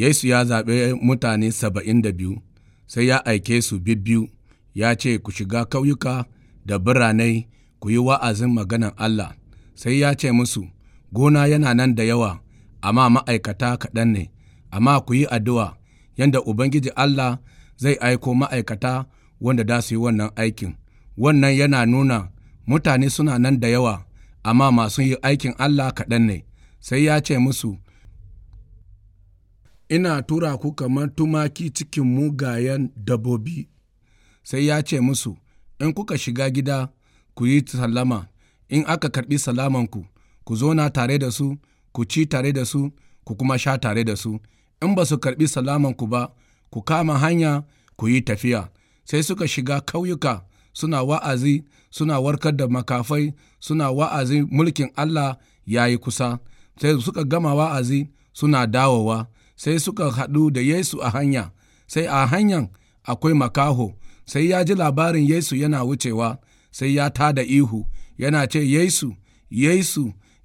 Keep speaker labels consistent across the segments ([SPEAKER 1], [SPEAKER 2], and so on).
[SPEAKER 1] Yesu ya zaɓe mutane saba'in da biyu, sai ya aike su bibbiyu, ya ce, Ku shiga ƙauyuka da biranai ku yi wa'azin maganan Allah, sai ya ce musu, Gona yana nan da yawa, amma ma'aikata kaɗan ne, amma ku yi addu'a, yadda Ubangiji Allah zai aiko ma'aikata wanda za su yi wannan aikin. Wannan yana nuna mutane suna nan da yawa, amma masu yi aikin Allah kaɗan ne, sai ya ce musu, Ina tura ku kamar tumaki cikin mugayen dabbobi. Sai ya ce musu, In kuka shiga gida, ku yi sallama, in aka karɓi salamanku, ku zauna tare da su, ku ci tare da su, ku kuma sha tare da su, in ba su karɓi salamanku ba, ku kama hanya, ku yi tafiya. Sai suka shiga ƙauyuka suna wa'azi, suna warkar da makafai, suna wa'azi mulkin Allah ya yi kusa. Sai suka gama wa'azi suna dawowa. sai suka haɗu da Yesu a hanya, sai a hanyan akwai makaho, sai ya ji labarin Yesu yana wucewa, sai ya tada ihu, yana ce Yesu, Yesu,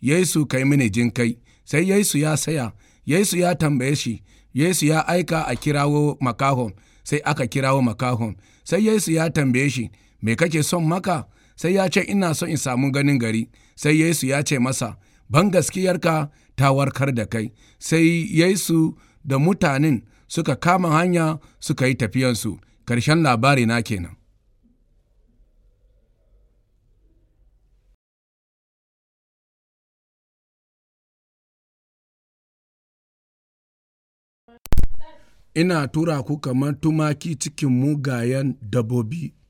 [SPEAKER 1] Yesu kai mini jinkai, sai Yesu ya saya, Yesu ya tambaye shi, Yesu ya aika a kirawo makahon, sai aka kirawo makahon, sai Yesu ya tambaye shi, me kake son maka? Sai ya ce ina so in samu ganin gari, sai Yesu ya ce masa, ban gaskiyarka ta warkar da kai sai yesu da mutanen suka kama hanya suka yi tafiyansu ƙarshen labari na kenan
[SPEAKER 2] ina tura ku kamar tumaki cikin mugayen dabobi